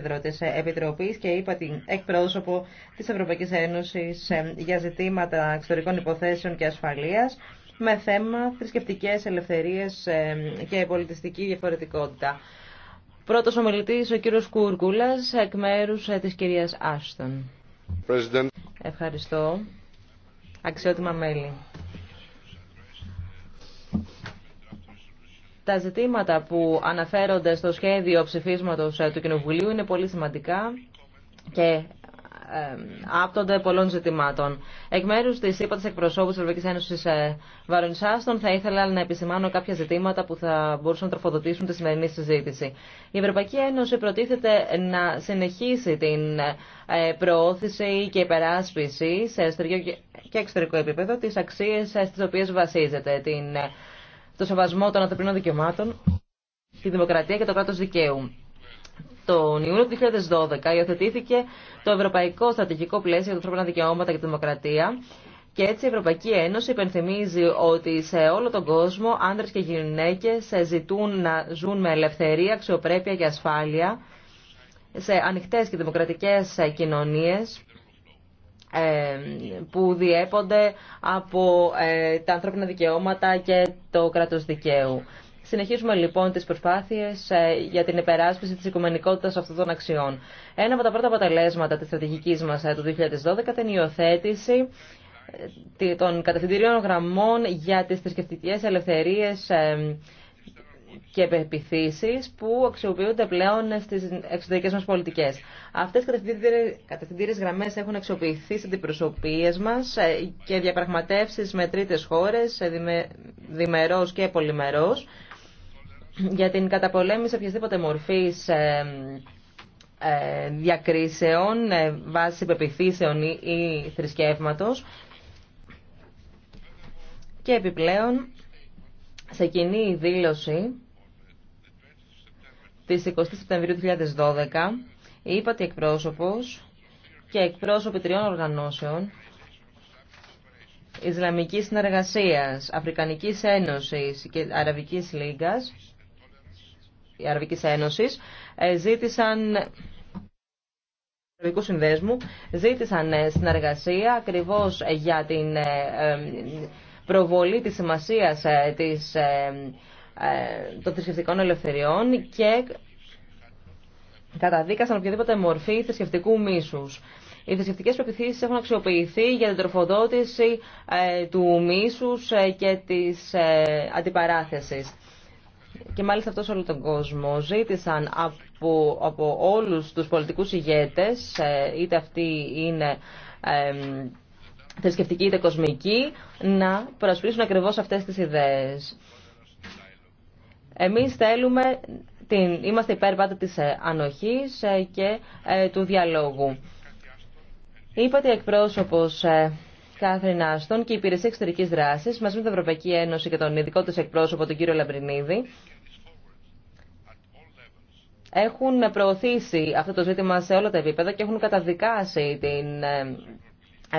πρόεδρο της Επιτροπής και είπα την εκπρόσωπο της Ευρωπαϊκής Ένωσης ε, για ζητήματα εξωτερικών υποθέσεων και ασφαλείας με θέμα θρησκευτικέ ελευθερίες ε, και πολιτιστική διαφορετικότητα. Πρώτος ομιλητής ο κύριος Κούρκουλας εκ μέρους ε, της κυρίας Άστον. Ευχαριστώ. Αξιότιμα μέλη. Τα ζητήματα που αναφέρονται στο σχέδιο ψηφίσματος ε, του Κοινοβουλίου είναι πολύ σημαντικά και ε, άπτονται πολλών ζητημάτων. Εκ μέρου τη ΥΠΑ τη εκπροσώπου τη Ευρωπαϊκή Ένωση ε, Βαρονισάστων, θα ήθελα να επισημάνω κάποια ζητήματα που θα μπορούσαν να τροφοδοτήσουν τη σημερινή συζήτηση. Η Ευρωπαϊκή Ένωση προτίθεται να συνεχίσει την προώθηση και υπεράσπιση σε εσωτερικό και εξωτερικό επίπεδο τη αξία στι οποίε βασίζεται. Την το σεβασμό των ανθρωπινών δικαιωμάτων, τη δημοκρατία και το κράτο δικαίου. Τον Ιούνιο του 2012 υιοθετήθηκε το Ευρωπαϊκό Στρατηγικό Πλαίσιο για τα Ανθρώπινα Δικαιώματα και τη Δημοκρατία και έτσι η Ευρωπαϊκή Ένωση υπενθυμίζει ότι σε όλο τον κόσμο άνδρες και γυναίκες ζητούν να ζουν με ελευθερία, αξιοπρέπεια και ασφάλεια σε ανοιχτέ και δημοκρατικέ κοινωνίε. Ε, που διέπονται από ε, τα ανθρώπινα δικαιώματα και το κράτος δικαίου. Συνεχίζουμε λοιπόν τις προσπάθειες ε, για την υπεράσπιση της οικουμενικότητας αυτών των αξιών. Ένα από τα πρώτα αποτελέσματα της στρατηγικής μας του 2012 ήταν η υιοθέτηση των κατευθυντηρίων γραμμών για τις θρησκευτικέ ελευθερίες και πεπιθήσεις που αξιοποιούνται πλέον στις εξωτερικές μας πολιτικές. Αυτές οι κατευθυντήριε γραμμές έχουν αξιοποιηθεί στις αντιπροσωπείε μας ε, και διαπραγματεύσεις με τρίτε χώρε, διμερό και πολυμερό για την καταπολέμηση οποιασδήποτε μορφή ε, ε, διακρίσεων βάσει πεπιθήσεων ή θρησκευματο. και επιπλέον σε κοινή δήλωση της 20 Σεπτεμβρίου 2012, η ΥΠΑΤΗ εκπρόσωπος και εκπρόσωποι τριών οργανώσεων Ισλαμικής Συνεργασίας, Αφρικανικής Ένωσης και Αραβικής Λίγκας, η Αραβικής Ένωσης, ε, ζήτησαν Αραβικού Συνδέσμου, ζήτησαν ε, συνεργασία ακριβώς για την ε, προβολή της σημασίας της ε, των θρησκευτικών ελευθεριών και καταδίκασαν οποιαδήποτε μορφή θρησκευτικού μίσου. Οι θρησκευτικέ πεπιθήσει έχουν αξιοποιηθεί για την τροφοδότηση ε, του μίσου ε, και τη αντιπαράθεση. Και μάλιστα αυτό σε όλο τον κόσμο ζήτησαν από, από όλους τους πολιτικούς ηγέτες, είτε αυτοί είναι θρησκευτικοί είτε κοσμικοί, να προασπίσουν ακριβώ αυτές τις ιδέες. Εμείς θέλουμε, την, είμαστε υπέρ πάντα της ε, ανοχής ε, και ε, του διαλόγου. Είπατε εκπρόσωπος Κάθριν Άστον και η Υπηρεσία Εξωτερική Δράση μαζί με την Ευρωπαϊκή Ένωση και τον ειδικό τη εκπρόσωπο, τον κύριο Λαμπρινίδη, έχουν προωθήσει αυτό το ζήτημα σε όλα τα επίπεδα και έχουν καταδικάσει την,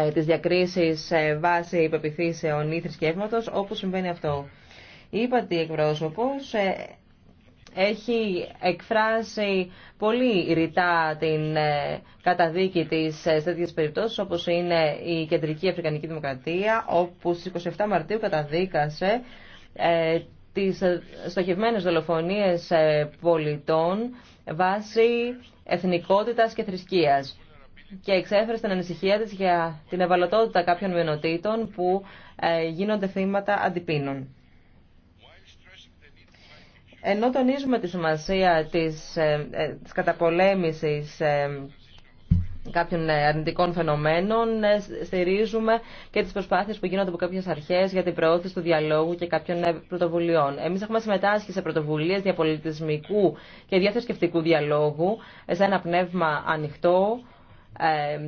ε, τις διακρίσεις ε, βάσει υπεπιθύσεων ή θρησκεύματο όπου συμβαίνει αυτό είπα ότι εκπρόσωπος ε, έχει εκφράσει πολύ ρητά την ε, καταδίκη της ε, σε τέτοιες περιπτώσεις όπως είναι η Κεντρική Αφρικανική Δημοκρατία όπου στις 27 Μαρτίου καταδίκασε τις στοχευμένες δολοφονίες πολιτών βάσει εθνικότητας και θρησκείας και εξέφερε την ανησυχία της για την ευαλωτότητα κάποιων μειονοτήτων που γίνονται θύματα αντιπίνων. Ενώ τονίζουμε τη σημασία της, ε, ε, της καταπολέμησης ε, κάποιων αρνητικών φαινομένων, στηρίζουμε και τις προσπάθειες που γίνονται από κάποιες αρχές για την προώθηση του διαλόγου και κάποιων πρωτοβουλειών. Εμείς έχουμε συμμετάσχει σε πρωτοβουλίες διαπολιτισμικού και διαθεσκευτικού διαλόγου σε ένα πνεύμα ανοιχτό,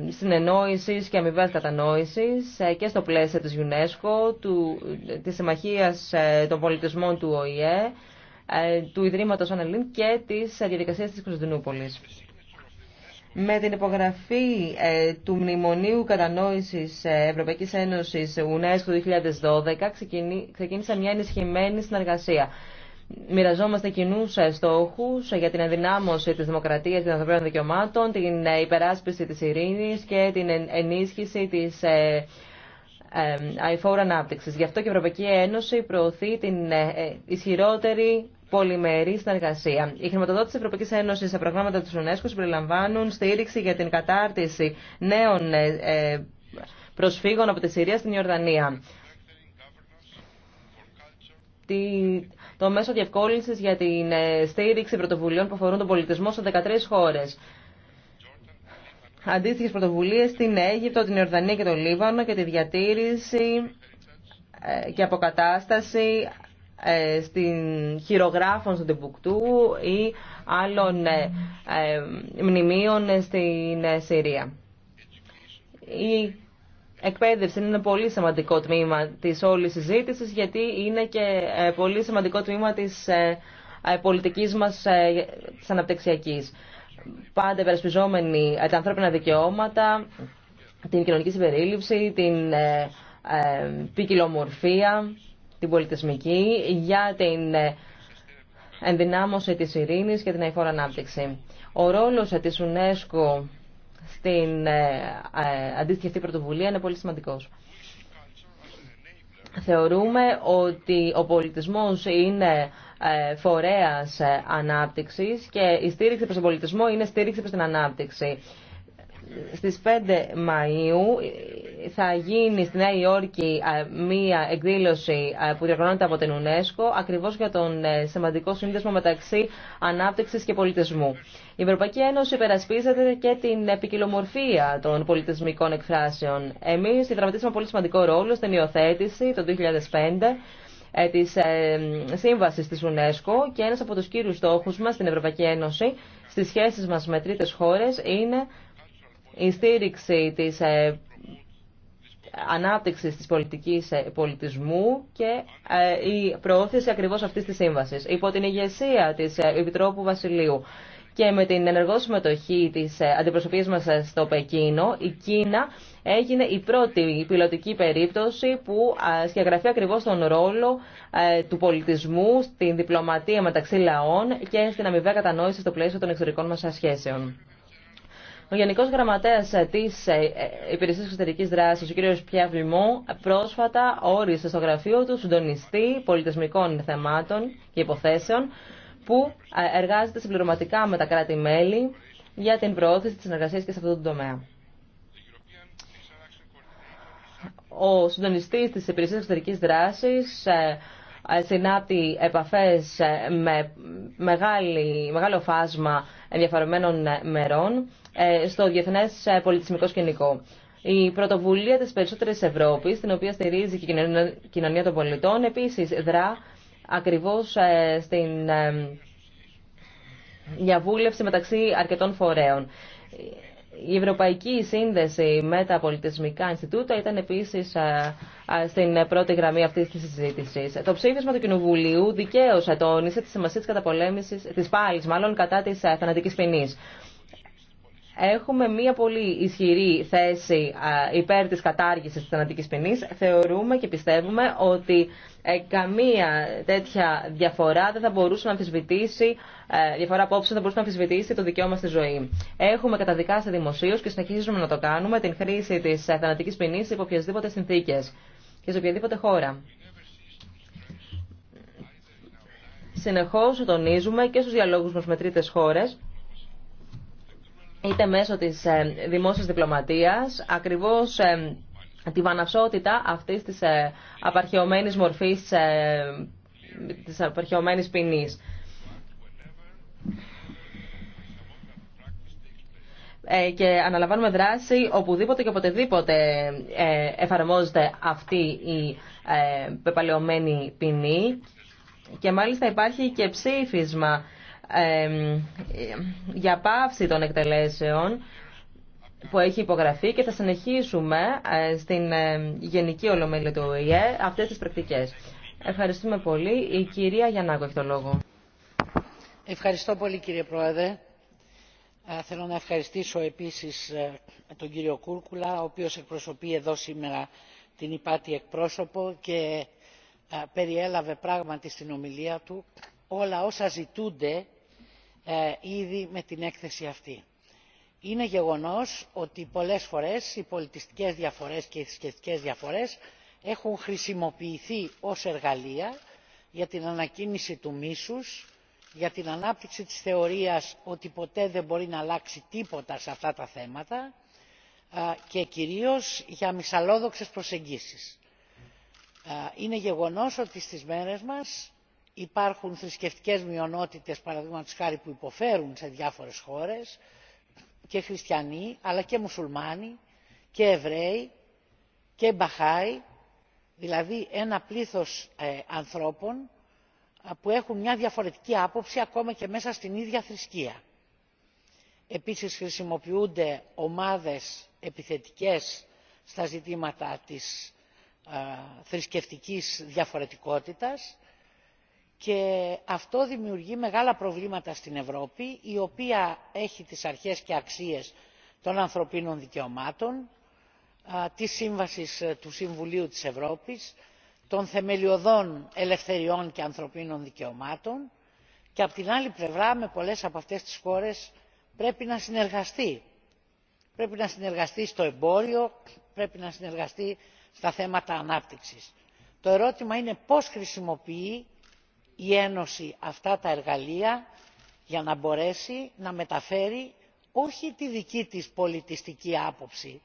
συνεννόησης και αμοιβέ κατανόησης και στο πλαίσιο της UNESCO, του, της Συμμαχίας των Πολιτισμών του ΟΗΕ, ε, του Ιδρύματο Ανελίν και της διαδικασία τη Κωνσταντινούπολη. Με την υπογραφή ε, του Μνημονίου Κατανόησης ε, Ευρωπαϊκής Ένωσης UNESCO του 2012 ξεκίνησε μια ενισχυμένη συνεργασία. Μοιραζόμαστε κοινού στόχου για την ενδυνάμωση τη δημοκρατία, και των ανθρωπίνων δικαιωμάτων, την υπεράσπιση τη ειρήνη και την ενίσχυση τη αηφόρου ανάπτυξη. Γι' αυτό και η Ευρωπαϊκή Ένωση προωθεί την ισχυρότερη πολυμερή συνεργασία. Η χρηματοδότηση τη Ευρωπαϊκή Ένωση σε προγράμματα τη UNESCO συμπεριλαμβάνουν στήριξη για την κατάρτιση νέων ε, ε, προσφύγων από τη Συρία στην Ιορδανία. Το μέσο διευκόλυνση για την ε, στήριξη πρωτοβουλειών που αφορούν τον πολιτισμό σε 13 χώρε. Αντίστοιχε πρωτοβουλίε στην Αίγυπτο, την Ιορδανία και το Λίβανο και τη διατήρηση και αποκατάσταση ε, στην χειρογράφων στον Τιμπουκτού ή άλλων ε, ε, μνημείων στην Συρία. Η εκπαίδευση είναι πολύ σημαντικό τμήμα της όλης συζήτηση γιατί είναι και πολύ σημαντικό τμήμα της πολιτικής μας της αναπτυξιακής. Πάντα υπερασπιζόμενοι τα ανθρώπινα δικαιώματα, την κοινωνική συμπερίληψη, την ποικιλομορφία την πολιτισμική, για την ε, ενδυνάμωση της ειρήνης και την αηφόρα ανάπτυξη. Ο ρόλος ε, της UNESCO στην ε, αντίστοιχη αυτή πρωτοβουλία είναι πολύ σημαντικός. Θεωρούμε ότι ο πολιτισμός είναι φορέας ανάπτυξης και η στήριξη προς τον πολιτισμό είναι στήριξη προς την ανάπτυξη στις 5 Μαΐου θα γίνει στη Νέα Υόρκη μία εκδήλωση που διοργανώνεται από την UNESCO ακριβώς για τον ε, σημαντικό σύνδεσμο μεταξύ ανάπτυξης και πολιτισμού. Η Ευρωπαϊκή Ένωση υπερασπίζεται και την ποικιλομορφία των πολιτισμικών εκφράσεων. Εμείς διδραματίσαμε πολύ σημαντικό ρόλο στην υιοθέτηση το 2005 ε, της ε, σύμβαση τη UNESCO και ένα από του κύριου στόχου μα στην Ευρωπαϊκή Ένωση στι σχέσει μα με τρίτε χώρε είναι η στήριξη της ε, ανάπτυξης της πολιτικής ε, πολιτισμού και ε, η προώθηση ακριβώς αυτής της σύμβασης. Υπό την ηγεσία της Επιτρόπου Βασιλείου και με την ενεργό συμμετοχή της αντιπροσωπής μας στο Πεκίνο, η Κίνα έγινε η πρώτη πιλωτική περίπτωση που σχεδιαγραφεί ακριβώς τον ρόλο του πολιτισμού στην διπλωματία μεταξύ λαών και στην αμοιβαία κατανόηση στο πλαίσιο των εξωτερικών μας σχέσεων. Ο Γενικό Γραμματέα τη ε, ε, Υπηρεσία Εξωτερική Δράση, ο κ. Πιαβλημό, πρόσφατα όρισε στο γραφείο του συντονιστή πολιτισμικών θεμάτων και υποθέσεων, που ε, εργάζεται συμπληρωματικά με τα κράτη-μέλη για την προώθηση τη συνεργασία και σε αυτό το τομέα. Ο συντονιστή τη Υπηρεσία Εξωτερική Δράση συνάπτει επαφές με μεγάλο φάσμα ενδιαφερομένων μερών ε, στο διεθνές ε, πολιτισμικό σκηνικό. Η πρωτοβουλία της περισσότερη Ευρώπης, την οποία στηρίζει και η κοινωνία των πολιτών, επίσης δρά ακριβώς ε, στην διαβούλευση μεταξύ αρκετών φορέων. Η Ευρωπαϊκή Σύνδεση με τα Πολιτισμικά Ινστιτούτα ήταν επίση στην πρώτη γραμμή αυτή τη συζήτηση. Το ψήφισμα του Κοινοβουλίου δικαίω τόνισε τη σημασία τη καταπολέμηση, τη πάλη μάλλον κατά τη θανατική ποινή. Έχουμε μία πολύ ισχυρή θέση υπέρ της κατάργησης της θανατικής ποινής. Θεωρούμε και πιστεύουμε ότι ε, καμία τέτοια διαφορά δεν θα μπορούσε να αμφισβητήσει, ε, διαφορά απόψε δεν θα μπορούσε να αμφισβητήσει το δικαίωμα στη ζωή. Έχουμε καταδικάσει δημοσίω και συνεχίζουμε να το κάνουμε την χρήση της θανατικής ποινής υπό οποιασδήποτε συνθήκες και σε οποιαδήποτε χώρα. Συνεχώς τονίζουμε και στους διαλόγους μας με τρίτες χώρες είτε μέσω της ε, δημόσιας διπλωματίας, ακριβώς ε, τη βαναυσότητα αυτής της ε, απαρχαιωμένης μορφής, της απαρχαιωμένης ποινής. και αναλαμβάνουμε δράση οπουδήποτε και οποτεδήποτε εφαρμόζεται αυτή η πεπαλαιωμένη ποινή. Και μάλιστα υπάρχει και ψήφισμα για πάυση των εκτελέσεων που έχει υπογραφεί και θα συνεχίσουμε ε, στην ε, Γενική Ολομέλεια του ΟΗΕ αυτές τις πρακτικές. Ευχαριστούμε πολύ. Η κυρία Γιαννάκου έχει το λόγο. Ευχαριστώ πολύ κύριε Πρόεδρε. Ε, θέλω να ευχαριστήσω επίσης τον κύριο Κούρκουλα, ο οποίος εκπροσωπεί εδώ σήμερα την υπάτη εκπρόσωπο και περιέλαβε πράγματι στην ομιλία του όλα όσα ζητούνται ε, ήδη με την έκθεση αυτή. είναι γεγονός ότι πολλές φορές οι πολιτιστικές διαφορές και οι θρησκευτικές διαφορές έχουν χρησιμοποιηθεί ως εργαλεία για την ανακίνηση του μίσους για την ανάπτυξη της θεωρίας ότι ποτέ δεν μπορεί να αλλάξει τίποτα σε αυτά τα θέματα και κυρίως για μισαλόδοξες προσεγγίσεις. είναι γεγονός ότι στις μέρες μας υπάρχουν θρησκευτικές μειονότητες παραδείγματος χάρη που υποφέρουν σε διάφορες χώρες και χριστιανοί αλλά και μουσουλμάνοι και εβραίοι και μπαχάοι δηλαδή ένα πλήθος ε, ανθρώπων που έχουν μια διαφορετική άποψη ακόμα και μέσα στην ίδια θρησκεία. Επίσης χρησιμοποιούνται ομάδες επιθετικές στα ζητήματα της θρησκευτικής διαφορετικότητας και αυτό δημιουργεί μεγάλα προβλήματα στην ευρώπη η οποία έχει τις αρχές και αξίες των ανθρωπίνων δικαιωμάτων τη σύμβασης ε, του συμβουλίου της ευρώπης των θεμελιωδών ελευθεριών και ανθρωπίνων δικαιωμάτων και από την άλλη πλευρά με πολλές από αυτές τις χώρες πρέπει να συνεργαστεί. πρέπει να συνεργαστεί στο εμπόριο πρέπει να συνεργαστεί στα θέματα ανάπτυξης. το ερώτημα είναι πώς χρησιμοποιεί η ένωση αυτά τα εργαλεία για να μπορέσει να μεταφέρει όχι τη δική της πολιτιστική άποψη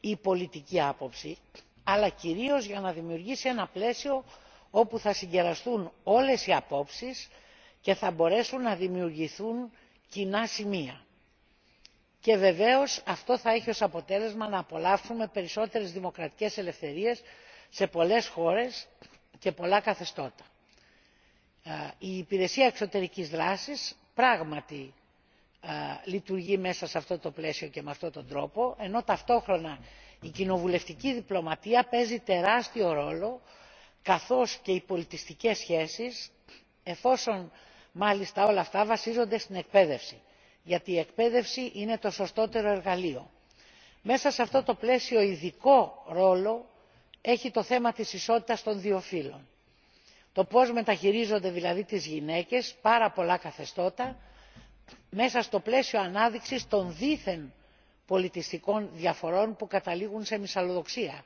ή πολιτική άποψη αλλά κυρίως για να δημιουργήσει ένα πλαίσιο όπου θα συγκεραστούν όλες οι απόψεις και θα μπορέσουν να δημιουργηθούν κοινά σημεία. Και βεβαίως αυτό θα έχει ως αποτέλεσμα να απολαύσουμε περισσότερες δημοκρατικές ελευθερίες σε πολλές χώρες και πολλά καθεστώτα. Ε, η υπηρεσία εξωτερικής δράσης πράγματι ε, λειτουργεί μέσα σε αυτό το πλαίσιο και με αυτόν τον τρόπο ενώ ταυτόχρονα η κοινοβουλευτική διπλωματία παίζει τεράστιο ρόλο καθώς και οι πολιτιστικές σχέσεις εφόσον μάλιστα όλα αυτά βασίζονται στην εκπαίδευση γιατί η εκπαίδευση είναι το σωστότερο εργαλείο. μέσα σε αυτό το πλαίσιο ειδικό ρόλο έχει το θέμα της ισότητας των δύο φύλων το πώς μεταχειρίζονται δηλαδή τις γυναίκες πάρα πολλά καθεστώτα μέσα στο πλαίσιο ανάδειξης των δίθεν πολιτιστικών διαφορών που καταλήγουν σε μυσαλλοδοξία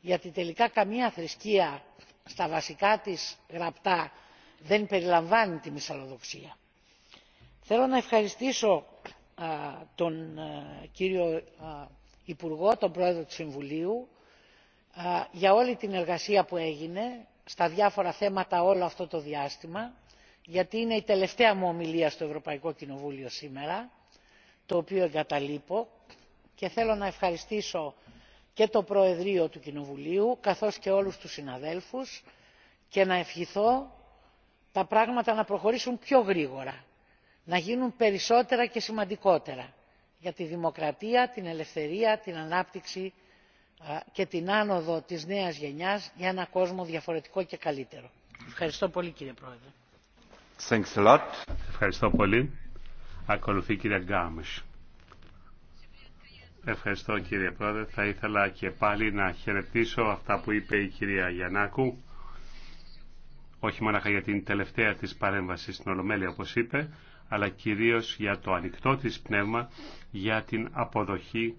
γιατί τελικά καμία θρησκεία στα βασικά της γραπτά δεν περιλαμβάνει τη μυσαλλοδοξία. Θέλω να ευχαριστήσω τον κύριο Υπουργό, τον Πρόεδρο του Συμβουλίου για όλη την εργασία που έγινε στα διάφορα θέματα όλο αυτό το διάστημα γιατί είναι η τελευταία μου ομιλία στο ευρωπαϊκό κοινοβούλιο σήμερα το οποίο εγκαταλείπω και θέλω να ευχαριστήσω και το προεδρείο του κοινοβουλίου καθώς και όλους τους συναδέλφους και να ευχηθώ τα πράγματα να προχωρήσουν πιο γρήγορα να γίνουν περισσότερα και σημαντικότερα για τη δημοκρατία την ελευθερία την ανάπτυξη και την άνοδο της νέας γενιάς για ένα κόσμο διαφορετικό και καλύτερο. Ευχαριστώ πολύ κύριε Πρόεδρε. Ευχαριστώ πολύ. Ακολουθεί κυρία Γκάμες. Ευχαριστώ κύριε Πρόεδρε. Θα ήθελα και πάλι να χαιρετήσω αυτά που είπε η κυρία Γιαννάκου. Όχι μόνο για την τελευταία της παρέμβαση στην Ολομέλεια όπως είπε, αλλά κυρίως για το ανοιχτό της πνεύμα, για την αποδοχή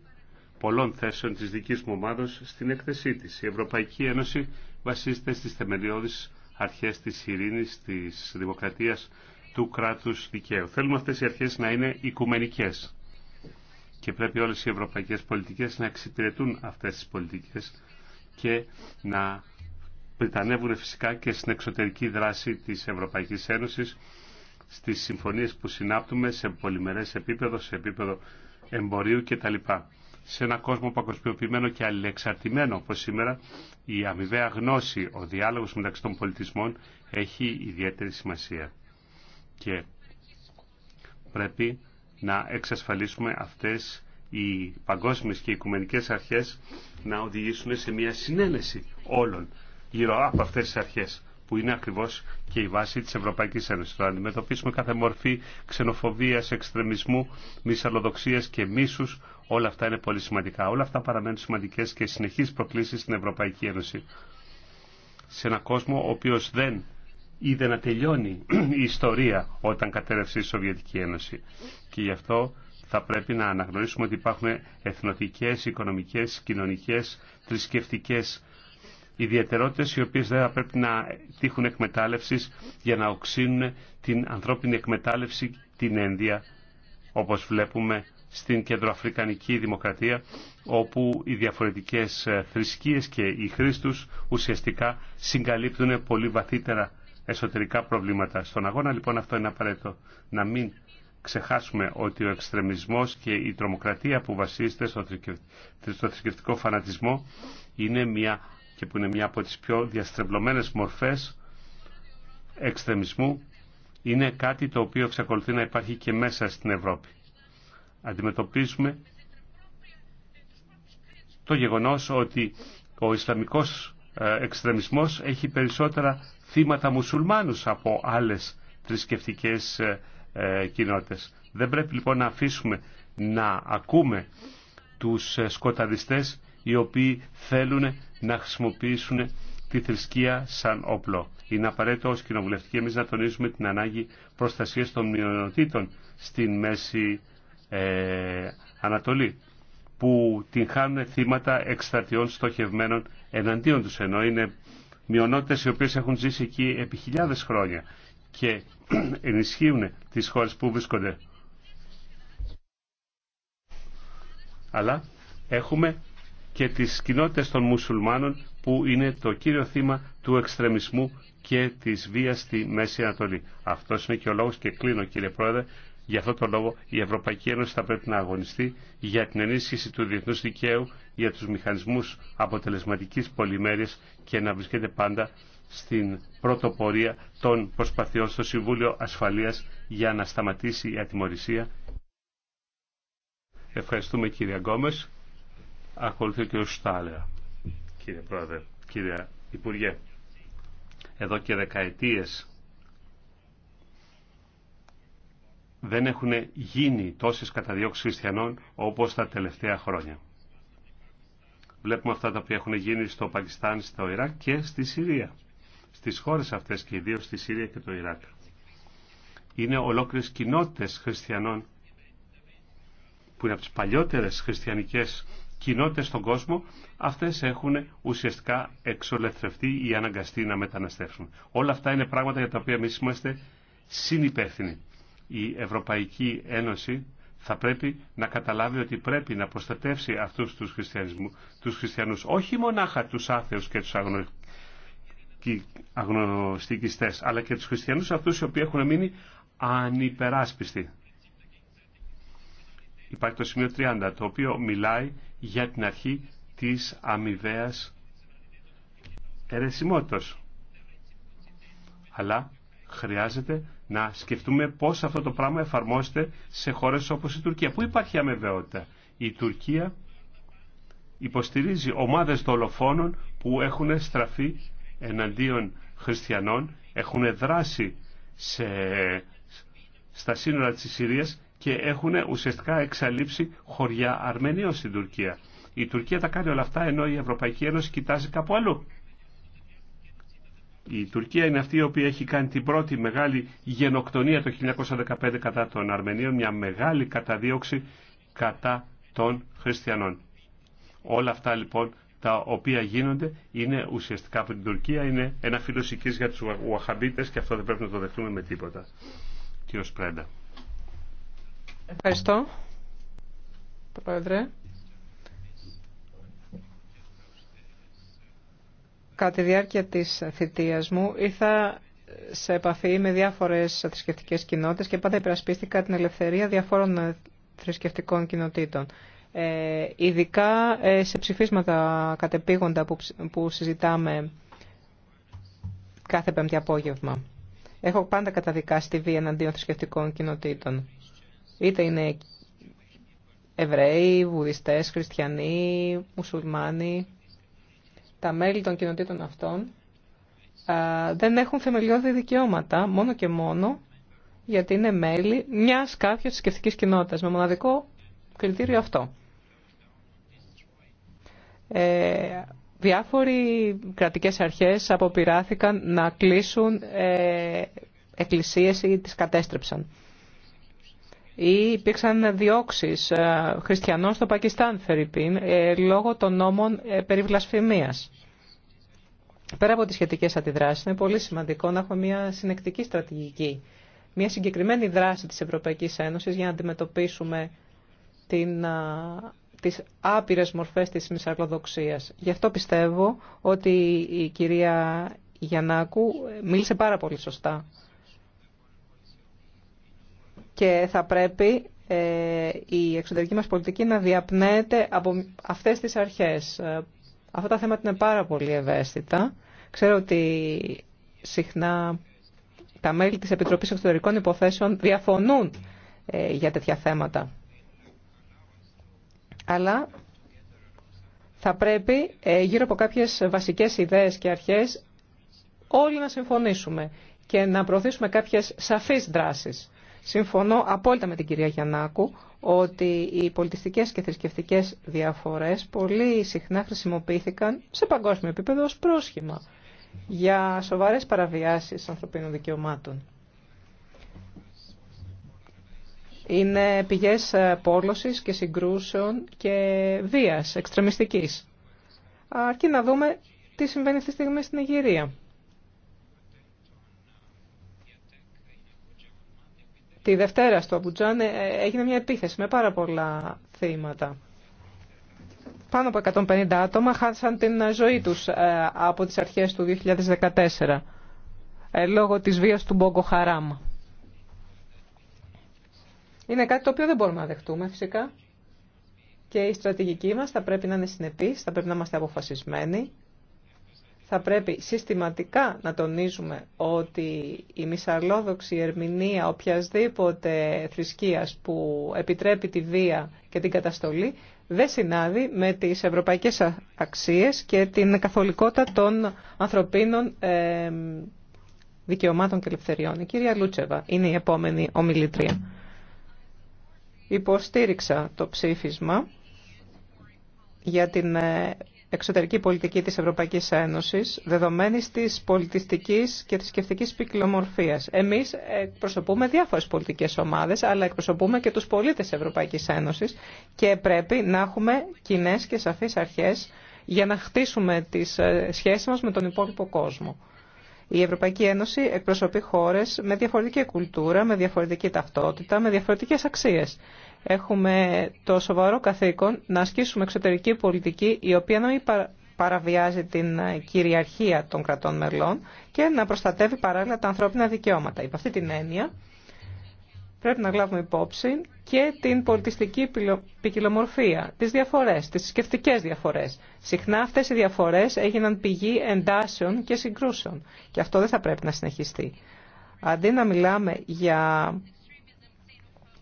πολλών θέσεων της δικής μου ομάδος στην έκθεσή της. Η Ευρωπαϊκή Ένωση βασίζεται στις θεμελιώδεις αρχές της ειρήνης, της δημοκρατίας, του κράτους δικαίου. Θέλουμε αυτές οι αρχές να είναι οικουμενικές και πρέπει όλες οι ευρωπαϊκές πολιτικές να εξυπηρετούν αυτές τις πολιτικές και να πριτανεύουν φυσικά και στην εξωτερική δράση της Ευρωπαϊκής Ένωσης στις συμφωνίες που συνάπτουμε σε πολυμερές επίπεδο, σε επίπεδο εμπορίου κτλ σε ένα κόσμο παγκοσμιοποιημένο και αλληλεξαρτημένο όπως σήμερα η αμοιβαία γνώση, ο διάλογος μεταξύ των πολιτισμών έχει ιδιαίτερη σημασία. Και πρέπει να εξασφαλίσουμε αυτές οι παγκόσμιες και οι οικουμενικές αρχές να οδηγήσουν σε μια συνένεση όλων γύρω από αυτές τις αρχές που είναι ακριβώς και η βάση της Ευρωπαϊκής Ένωσης. Το να αντιμετωπίσουμε κάθε μορφή ξενοφοβίας, εξτρεμισμού, μυσαλλοδοξίας και μίσους Όλα αυτά είναι πολύ σημαντικά. Όλα αυτά παραμένουν σημαντικέ και συνεχεί προκλήσει στην Ευρωπαϊκή Ένωση. Σε έναν κόσμο ο οποίο δεν είδε να τελειώνει η ιστορία όταν κατέρευσε η Σοβιετική Ένωση. Και γι' αυτό θα πρέπει να αναγνωρίσουμε ότι υπάρχουν εθνοτικές, οικονομικές, κοινωνικές, θρησκευτικές ιδιαιτερότητες οι οποίες δεν θα πρέπει να τύχουν εκμετάλλευσης για να οξύνουν την ανθρώπινη εκμετάλλευση, την ένδια, όπως βλέπουμε στην κεντροαφρικανική δημοκρατία όπου οι διαφορετικές ε, θρησκείες και οι χρήστους ουσιαστικά συγκαλύπτουν πολύ βαθύτερα εσωτερικά προβλήματα. Στον αγώνα λοιπόν αυτό είναι απαραίτητο να μην ξεχάσουμε ότι ο εξτρεμισμός και η τρομοκρατία που βασίζεται στο θρησκευτικό φανατισμό είναι μια και που είναι μια από τις πιο διαστρεβλωμένες μορφές εξτρεμισμού είναι κάτι το οποίο εξακολουθεί να υπάρχει και μέσα στην Ευρώπη. Αντιμετωπίσουμε το γεγονός ότι ο Ισλαμικός ε, εξτρεμισμός έχει περισσότερα θύματα μουσουλμάνους από άλλες θρησκευτικέ ε, ε, κοινότητες. Δεν πρέπει λοιπόν να αφήσουμε να ακούμε τους σκοταδιστές οι οποίοι θέλουν να χρησιμοποιήσουν τη θρησκεία σαν όπλο. Είναι απαραίτητο ως κοινοβουλευτική εμείς να τονίζουμε την ανάγκη προστασίας των μειονοτήτων στην Μέση ε, Ανατολή που την χάνουν θύματα εξτατιών στοχευμένων εναντίον τους ενώ είναι μειονότητες οι οποίες έχουν ζήσει εκεί επί χιλιάδες χρόνια και ενισχύουν τις χώρες που βρίσκονται. Αλλά έχουμε και τις κοινότητες των μουσουλμάνων που είναι το κύριο θύμα του εξτρεμισμού και της βίας στη Μέση Ανατολή. Αυτός είναι και ο λόγος και κλείνω κύριε Πρόεδρε Γι' αυτό το λόγο η Ευρωπαϊκή Ένωση θα πρέπει να αγωνιστεί για την ενίσχυση του διεθνούς δικαίου, για τους μηχανισμούς αποτελεσματικής πολυμέρειας και να βρίσκεται πάντα στην πρωτοπορία των προσπαθειών στο Συμβούλιο Ασφαλείας για να σταματήσει η ατιμορρησία. Ευχαριστούμε κύριε Γκόμες. Ακολουθεί ο κύριο Κύριε Πρόεδρε, κύριε Υπουργέ, εδώ και δεκαετίες δεν έχουν γίνει τόσες καταδιώξεις χριστιανών όπως τα τελευταία χρόνια. Βλέπουμε αυτά τα οποία έχουν γίνει στο Πακιστάν, στο Ιράκ και στη Συρία. Στις χώρες αυτές και ιδίως στη Συρία και το Ιράκ. Είναι ολόκληρες κοινότητες χριστιανών που είναι από τις παλιότερες χριστιανικές κοινότητες στον κόσμο, αυτές έχουν ουσιαστικά εξολεθρευτεί ή αναγκαστεί να μεταναστεύσουν. Όλα αυτά είναι πράγματα για τα οποία εμεί είμαστε συνυπεύθυνοι η Ευρωπαϊκή Ένωση θα πρέπει να καταλάβει ότι πρέπει να προστατεύσει αυτούς τους, χριστιανισμού, τους χριστιανούς, όχι μονάχα τους άθεους και τους αγνωστικιστές, αλλά και τους χριστιανούς αυτούς οι οποίοι έχουν μείνει ανυπεράσπιστοι. Υπάρχει το σημείο 30, το οποίο μιλάει για την αρχή της αμοιβαία ερεσιμότητας. Αλλά χρειάζεται να σκεφτούμε πώς αυτό το πράγμα εφαρμόζεται σε χώρες όπως η Τουρκία. Πού υπάρχει αμεβαιότητα. Η Τουρκία υποστηρίζει ομάδες δολοφόνων που έχουν στραφεί εναντίον χριστιανών, έχουν δράσει σε, στα σύνορα της Συρίας και έχουν ουσιαστικά εξαλείψει χωριά Αρμενίων στην Τουρκία. Η Τουρκία τα κάνει όλα αυτά ενώ η Ευρωπαϊκή Ένωση κοιτάζει κάπου αλλού. Η Τουρκία είναι αυτή η οποία έχει κάνει την πρώτη μεγάλη γενοκτονία το 1915 κατά των Αρμενίων, μια μεγάλη καταδίωξη κατά των χριστιανών. Όλα αυτά λοιπόν τα οποία γίνονται είναι ουσιαστικά από την Τουρκία, είναι ένα φιλοσυκής για τους Ουαχαμπίτες και αυτό δεν πρέπει να το δεχτούμε με τίποτα. Κύριο Πρέντα. Ευχαριστώ, Πρόεδρε. Κατά τη διάρκεια της θητείας μου ήρθα σε επαφή με διάφορες θρησκευτικέ κοινότητες και πάντα υπερασπίστηκα την ελευθερία διαφόρων θρησκευτικών κοινοτήτων. Ε, ειδικά ε, σε ψηφίσματα κατεπήγοντα που, συζητάμε κάθε πέμπτη απόγευμα. Έχω πάντα καταδικάσει τη βία εναντίον θρησκευτικών κοινοτήτων. Είτε είναι Εβραίοι, Βουδιστές, Χριστιανοί, Μουσουλμάνοι, τα μέλη των κοινοτήτων αυτών δεν έχουν θεμελιώδη δικαιώματα μόνο και μόνο γιατί είναι μέλη μιας κάποιας θρησκευτική κοινότητας με μοναδικό κριτήριο αυτό. Ε, διάφοροι κρατικές αρχές αποπειράθηκαν να κλείσουν ε, εκκλησίες ή τις κατέστρεψαν ή υπήρξαν διώξεις ε, χριστιανών στο Πακιστάν, Φερρυπίν, ε, λόγω των νόμων ε, περί βλασφημίας. Πέρα από τις σχετικές αντιδράσεις, είναι πολύ σημαντικό να έχουμε μια συνεκτική στρατηγική, μια συγκεκριμένη δράση της Ευρωπαϊκής Ένωσης για να αντιμετωπίσουμε την, τις άπειρες μορφές της Γι' αυτό πιστεύω ότι η κυρία Γιαννάκου μίλησε πάρα πολύ σωστά και θα πρέπει ε, η εξωτερική μας πολιτική να διαπνέεται από αυτές τις αρχές. Ε, αυτά τα θέματα είναι πάρα πολύ ευαίσθητα. Ξέρω ότι συχνά τα μέλη της Επιτροπής Εξωτερικών Υποθέσεων διαφωνούν ε, για τέτοια θέματα. Αλλά θα πρέπει γύρω από κάποιες βασικές ιδέες και αρχές όλοι να συμφωνήσουμε και να προωθήσουμε κάποιες σαφείς δράσεις. Συμφωνώ απόλυτα με την κυρία Γιαννάκου ότι οι πολιτιστικές και θρησκευτικές διαφορές πολύ συχνά χρησιμοποιήθηκαν σε παγκόσμιο επίπεδο ως πρόσχημα για σοβαρές παραβιάσεις ανθρωπίνων δικαιωμάτων. Είναι πηγές ε, πόλωσης και συγκρούσεων και βίας εξτρεμιστικής. Αρκεί να δούμε τι συμβαίνει αυτή τη στιγμή στην Αιγυρία. Τη Δευτέρα στο Αμπουτζάν ε, έγινε μια επίθεση με πάρα πολλά θύματα. Πάνω από 150 άτομα χάσαν την ζωή τους ε, από τις αρχές του 2014 ε, λόγω της βίας του Μπόγκο Είναι κάτι το οποίο δεν μπορούμε να δεχτούμε φυσικά και η στρατηγική μας θα πρέπει να είναι συνεπής, θα πρέπει να είμαστε αποφασισμένοι θα πρέπει συστηματικά να τονίζουμε ότι η μυσαλόδοξη ερμηνεία οποιασδήποτε θρησκείας που επιτρέπει τη βία και την καταστολή δεν συνάδει με τις ευρωπαϊκές αξίες και την καθολικότητα των ανθρωπίνων ε, δικαιωμάτων και ελευθεριών. Η κυρία Λούτσεβα είναι η επόμενη ομιλήτρια. Υποστήριξα το ψήφισμα για την ε, εξωτερική πολιτική της Ευρωπαϊκής Ένωσης, δεδομένης της πολιτιστικής και σκεφτικής ποικιλομορφίας. Εμείς εκπροσωπούμε διάφορες πολιτικές ομάδες, αλλά εκπροσωπούμε και τους πολίτες Ευρωπαϊκής Ένωσης και πρέπει να έχουμε κοινέ και σαφείς αρχές για να χτίσουμε τις ε, σχέσεις μας με τον υπόλοιπο κόσμο. Η Ευρωπαϊκή Ένωση εκπροσωπεί χώρες με διαφορετική κουλτούρα, με διαφορετική ταυτότητα, με διαφορετικές αξίες, έχουμε το σοβαρό καθήκον να ασκήσουμε εξωτερική πολιτική η οποία να μην παραβιάζει την ε, κυριαρχία των κρατών μελών και να προστατεύει παράλληλα τα ανθρώπινα δικαιώματα. Υπό αυτή την έννοια πρέπει να λάβουμε υπόψη και την πολιτιστική ποικιλομορφία, τις διαφορές, τις σκεφτικέ διαφορές. Συχνά αυτές οι διαφορές έγιναν πηγή εντάσεων και συγκρούσεων και αυτό δεν θα πρέπει να συνεχιστεί. Αντί να μιλάμε για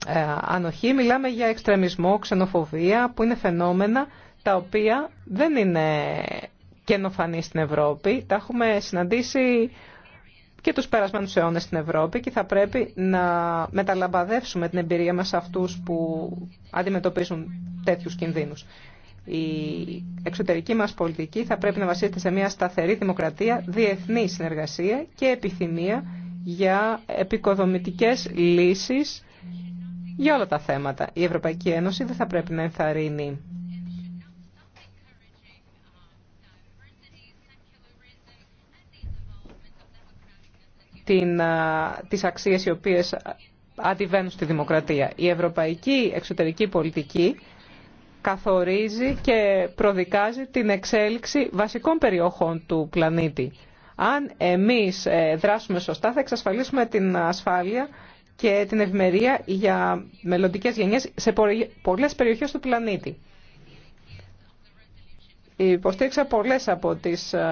ε, ανοχή, μιλάμε για εξτρεμισμό, ξενοφοβία, που είναι φαινόμενα τα οποία δεν είναι καινοφανή στην Ευρώπη. Τα έχουμε συναντήσει και τους περασμένους αιώνες στην Ευρώπη και θα πρέπει να μεταλαμπαδεύσουμε την εμπειρία μας σε αυτούς που αντιμετωπίζουν τέτοιους κινδύνους. Η εξωτερική μας πολιτική θα πρέπει να βασίζεται σε μια σταθερή δημοκρατία, διεθνή συνεργασία και επιθυμία για επικοδομητικές λύσεις για όλα τα θέματα. Η Ευρωπαϊκή Ένωση δεν θα πρέπει να ενθαρρύνει την, τις αξίες οι οποίες αντιβαίνουν στη δημοκρατία. Η ευρωπαϊκή εξωτερική πολιτική καθορίζει και προδικάζει την εξέλιξη βασικών περιοχών του πλανήτη. Αν εμείς ε, δράσουμε σωστά θα εξασφαλίσουμε την ασφάλεια και την ευημερία για μελλοντικέ γενιές σε πολλές περιοχές του πλανήτη. Υποστήριξα πολλές από τις ε,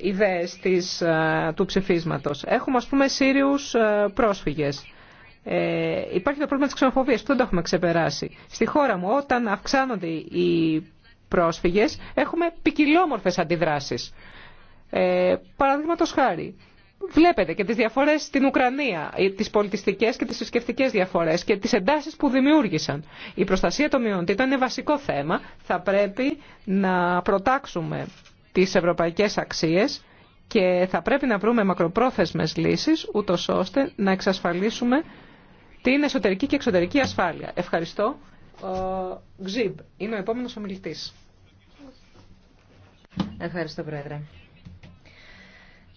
ιδέες της, ε, του ψηφίσματος. Έχουμε, ας πούμε, Σύριους ε, πρόσφυγες. Ε, υπάρχει το πρόβλημα της ξενοφοβίας που δεν το έχουμε ξεπεράσει. Στη χώρα μου, όταν αυξάνονται οι πρόσφυγες, έχουμε ποικιλόμορφες αντιδράσεις. Ε, χάρη, Βλέπετε και τις διαφορές στην Ουκρανία, τις πολιτιστικές και τις συσκευτικές διαφορές και τις εντάσεις που δημιούργησαν. Η προστασία των μειονοτήτων είναι βασικό θέμα. Θα πρέπει να προτάξουμε τις ευρωπαϊκές αξίες και θα πρέπει να βρούμε μακροπρόθεσμες λύσεις, ούτω ώστε να εξασφαλίσουμε την εσωτερική και εξωτερική ασφάλεια. Ευχαριστώ. Ο Γζιμπ είναι ο επόμενος ομιλητής. Ευχαριστώ, Πρόεδρε.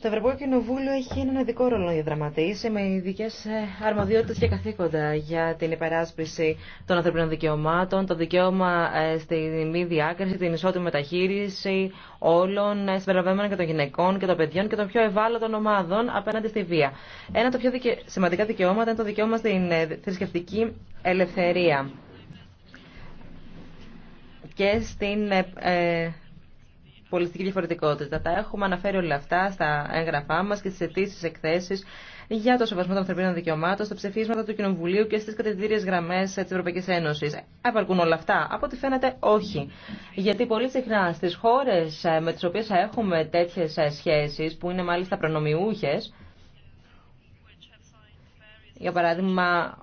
Το Ευρωπαϊκό Κοινοβούλιο έχει έναν ειδικό ρόλο για διαδραματίσει με ειδικέ ε, αρμοδιότητε και καθήκοντα για την υπεράσπιση των ανθρωπίνων δικαιωμάτων, το δικαίωμα ε, στη μη διάκριση, την ισότιμη μεταχείριση όλων, ε, συμπεριλαμβανομένων και των γυναικών και των παιδιών και των πιο ευάλωτων ομάδων απέναντι στη βία. Ένα από τα πιο δικαι... σημαντικά δικαιώματα είναι το δικαίωμα στην θρησκευτική ελευθερία και στην πολιτική διαφορετικότητα. Τα έχουμε αναφέρει όλα αυτά στα έγγραφά μα και στι αιτήσει εκθέσει για το σεβασμό των ανθρωπίνων δικαιωμάτων, στα ψηφίσματα του Κοινοβουλίου και στι κατευθυντήριε γραμμέ τη Ευρωπαϊκή Ένωση. Απαρκούν όλα αυτά. Από ό,τι φαίνεται, όχι. Γιατί πολύ συχνά στι χώρε ε, με τι οποίε έχουμε τέτοιε σχέσει, που είναι μάλιστα προνομιούχε, για παράδειγμα,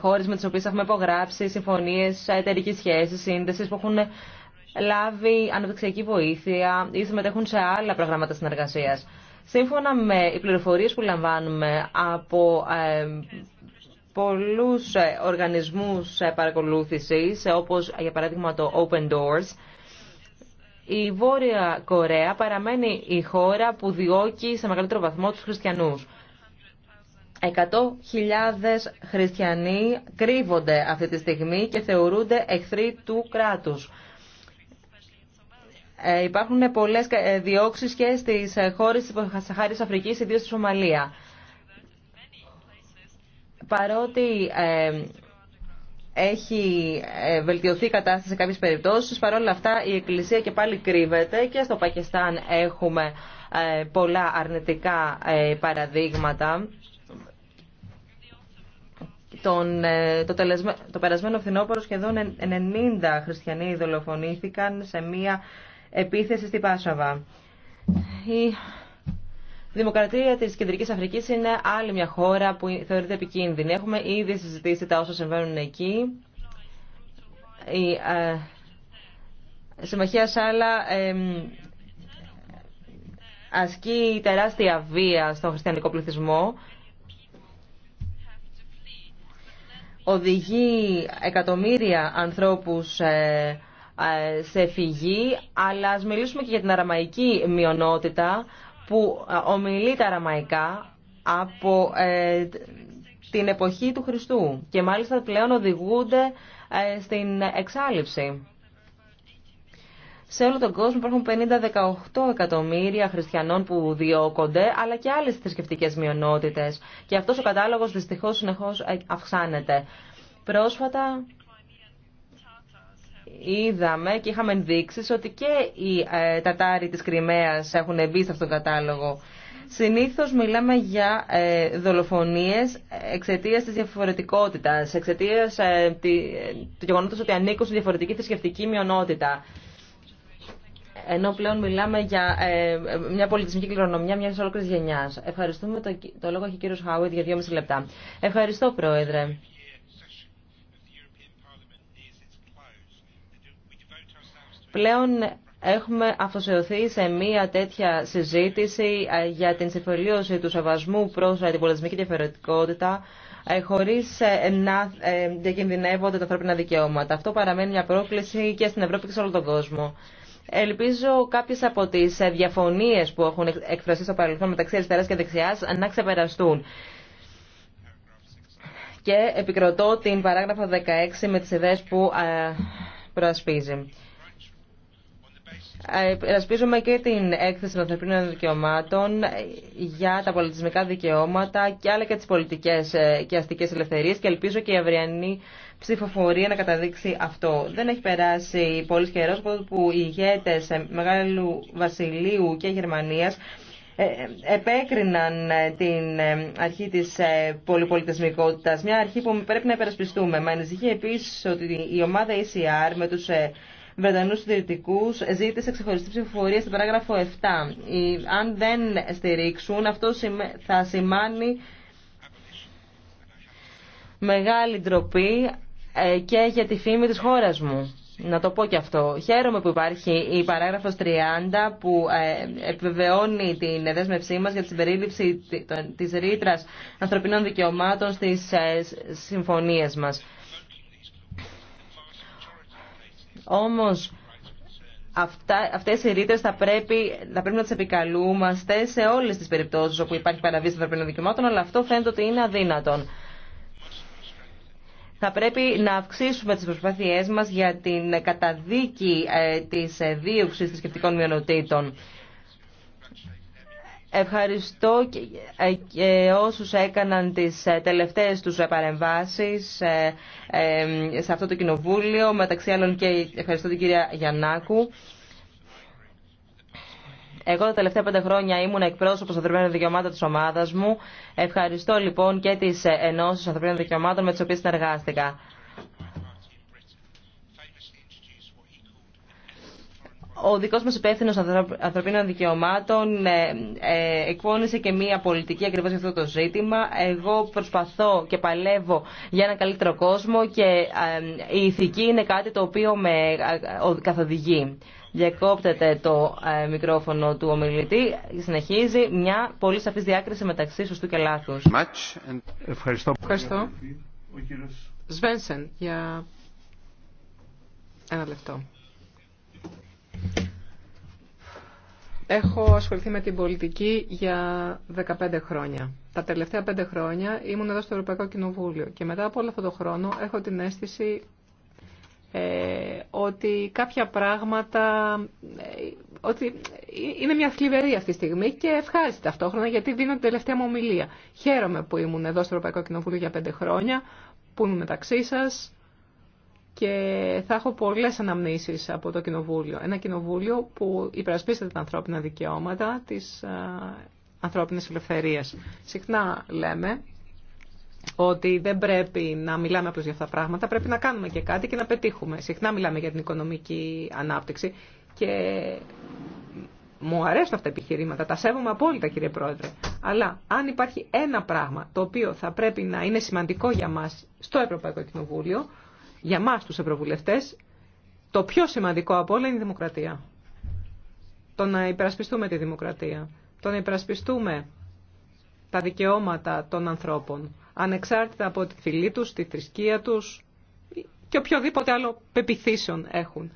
χώρε με τι οποίε έχουμε υπογράψει συμφωνίε εταιρική σχέση, σύνδεση που έχουν λάβει αναπτυξιακή βοήθεια ή συμμετέχουν σε άλλα προγράμματα συνεργασία. Σύμφωνα με οι πληροφορίε που λαμβάνουμε από ε, πολλού ε, οργανισμού ε, παρακολούθηση, όπως για παράδειγμα το Open Doors, η Βόρεια Κορέα παραμένει η χώρα που διώκει σε μεγαλύτερο βαθμό τους χριστιανούς. 100.000 χριστιανοί κρύβονται αυτή τη στιγμή και θεωρούνται εχθροί του κράτους. Ε, υπάρχουν πολλές ε, διώξεις και στις ε, χώρες της Σαχάρης Αφρικής, ιδίως στη Σομαλία. Παρότι έχει βελτιωθεί η κατάσταση σε κάποιες περιπτώσεις, παρόλα αυτά η Εκκλησία και πάλι κρύβεται και στο Πακιστάν έχουμε πολλά αρνητικά παραδείγματα. Τον, το, τελεσμα, το περασμένο φθινόπωρο σχεδόν 90 χριστιανοί δολοφονήθηκαν σε μία επίθεση στη Πάσοβα. Η δημοκρατία της Κεντρικής Αφρικής είναι άλλη μια χώρα που θεωρείται επικίνδυνη. Έχουμε ήδη συζητήσει τα όσα συμβαίνουν εκεί. Η ε, Συμμαχία Σάλα ασκεί τεράστια βία στον χριστιανικό πληθυσμό. Οδηγεί εκατομμύρια ανθρώπους ε, σε φυγή, αλλά ας μιλήσουμε και για την αραμαϊκή μειονότητα που ομιλεί τα αραμαϊκά από ε, την εποχή του Χριστού και μάλιστα πλέον οδηγούνται ε, στην εξάλληψη. Σε όλο τον κόσμο υπάρχουν 50-18 εκατομμύρια χριστιανών που διώκονται, αλλά και άλλες θρησκευτικέ μειονότητες. Και αυτός ο κατάλογος δυστυχώς συνεχώς ε, αυξάνεται. Πρόσφατα είδαμε και είχαμε ενδείξει ότι και οι ε, Τατάροι της Κρυμαίας έχουν μπει σε αυτόν τον κατάλογο. Συνήθως μιλάμε για ε, δολοφονίες εξαιτίας της διαφορετικότητας, εξαιτίας ε, του γεγονότος ότι ανήκουν στη διαφορετική θρησκευτική μειονότητα. Ενώ πλέον μιλάμε για ε, μια πολιτισμική κληρονομιά μια ολόκληρη γενιά. Ευχαριστούμε. Το, το λόγο έχει ο κύριο Χάουιτ για δύο μισή λεπτά. Ευχαριστώ, Πρόεδρε. πλέον έχουμε αφοσιωθεί σε μια τέτοια συζήτηση ε, για την συμφιλίωση του σεβασμού προς ε, την πολιτισμική διαφορετικότητα ε, χωρίς να διακινδυνεύονται τα ανθρώπινα δικαιώματα. Αυτό παραμένει μια πρόκληση και στην Ευρώπη και σε όλο τον κόσμο. Ελπίζω κάποιε από τι διαφωνίε που έχουν εκφραστεί στο παρελθόν μεταξύ αριστερά και δεξιά να ξεπεραστούν και επικροτώ την παράγραφο 16 με τι ιδέε που προασπίζει. Ερασπίζουμε και την έκθεση των ανθρωπίνων δικαιωμάτων για τα πολιτισμικά δικαιώματα και άλλα και τις πολιτικές ε, και αστικές ελευθερίες και ελπίζω και η αυριανή ψηφοφορία να καταδείξει αυτό. Δεν έχει περάσει πολύ καιρό που οι ηγέτες ε, Μεγάλου Βασιλείου και Γερμανίας ε, επέκριναν την αρχή της πολυπολιτισμικότητας, μια αρχή που πρέπει να υπερασπιστούμε. Μα ανησυχεί επίσης ότι η ομάδα ECR με τους Βρετανούς συντηρητικού ζήτησε ξεχωριστή ψηφοφορία στην παράγραφο 7. Αν δεν στηρίξουν αυτό θα σημάνει μεγάλη ντροπή ε, και για τη φήμη της χώρας μου. Να το πω και αυτό. Χαίρομαι που υπάρχει η παράγραφος 30 που ε, επιβεβαιώνει την δέσμευσή μας για τη συμπερίληψη της ρήτρας ανθρωπινών δικαιωμάτων στις ε, συμφωνίες μας. Όμως αυτά, αυτές οι ρήτρες θα πρέπει, θα πρέπει να τις επικαλούμαστε σε όλες τις περιπτώσεις όπου υπάρχει παραβίαση των ανθρωπίνων δικαιωμάτων, αλλά αυτό φαίνεται ότι είναι αδύνατον. Θα πρέπει να αυξήσουμε τις προσπάθειές μας για την καταδίκη ε, της ε, δίωξης θρησκευτικών μειονοτήτων. Ευχαριστώ ε, και όσους έκαναν τις ε, τελευταίες τους ε, παρεμβάσεις σε αυτό το κοινοβούλιο, μεταξύ άλλων και ευχαριστώ την κυρία Γιαννάκου. Εγώ τα τελευταία πέντε χρόνια ήμουν εκπρόσωπο ανθρωπίνων δικαιωμάτων τη ομάδα μου. Ευχαριστώ λοιπόν και τι ενώσει ανθρωπίνων δικαιωμάτων με τι οποίε συνεργάστηκα. Ο δικός μας υπεύθυνο ανθρωπίνων δικαιωμάτων ε, ε, εκπώνησε και μία πολιτική ακριβώς για αυτό το ζήτημα. Εγώ προσπαθώ και παλεύω για έναν καλύτερο κόσμο και ε, η ηθική είναι κάτι το οποίο με καθοδηγεί. Διακόπτεται το μικρόφωνο του ομιλητή. Συνεχίζει μια πολύ σαφής διάκριση μεταξύ σωστού και λάθους. Ευχαριστώ. Ευχαριστώ. Σβένσεν για ένα λεπτό. Έχω ασχοληθεί με την πολιτική για 15 χρόνια. Τα τελευταία 5 χρόνια ήμουν εδώ στο Ευρωπαϊκό Κοινοβούλιο και μετά από όλο αυτό το χρόνο έχω την αίσθηση ε, ότι κάποια πράγματα ε, ότι είναι μια θλιβερή αυτή τη στιγμή και ευχάριστη ταυτόχρονα γιατί δίνω την τελευταία μου ομιλία. Χαίρομαι που ήμουν εδώ στο Ευρωπαϊκό Κοινοβούλιο για 5 χρόνια, που είμαι μεταξύ σας, και θα έχω πολλές αναμνήσεις από το Κοινοβούλιο. Ένα Κοινοβούλιο που υπερασπίσεται τα ανθρώπινα δικαιώματα, τις ε, ανθρώπινες ελευθερίες. Συχνά λέμε ότι δεν πρέπει να μιλάμε απλώς για αυτά τα πράγματα, πρέπει να κάνουμε και κάτι και να πετύχουμε. Συχνά μιλάμε για την οικονομική ανάπτυξη και μου αρέσουν αυτά τα επιχειρήματα, τα σέβομαι απόλυτα κύριε Πρόεδρε. Αλλά αν υπάρχει ένα πράγμα το οποίο θα πρέπει να είναι σημαντικό για μας στο Ευρωπαϊκό Κοινοβούλιο, για μας τους ευρωβουλευτές, το πιο σημαντικό από όλα είναι η δημοκρατία. Το να υπερασπιστούμε τη δημοκρατία, το να υπερασπιστούμε τα δικαιώματα των ανθρώπων, ανεξάρτητα από τη φυλή τους, τη θρησκεία τους και οποιοδήποτε άλλο πεπιθήσεων έχουν.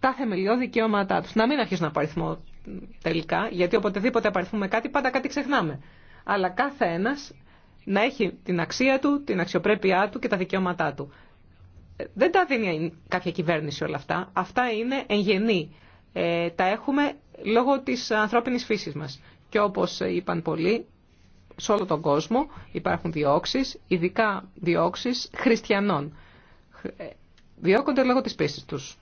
Τα θεμελιώδη δικαιώματά τους. Να μην αρχίσω να παριθμώ τελικά, γιατί οποτεδήποτε απαριθμούμε κάτι, πάντα κάτι ξεχνάμε. Αλλά κάθε ένας να έχει την αξία του, την αξιοπρέπειά του και τα δικαιώματά του δεν τα δίνει κάποια κυβέρνηση όλα αυτά. Αυτά είναι εγγενή. Ε, τα έχουμε λόγω της ανθρώπινης φύσης μας. Και όπως είπαν πολλοί, σε όλο τον κόσμο υπάρχουν διώξεις, ειδικά διώξεις χριστιανών. Ε, διώκονται λόγω της πίστης τους.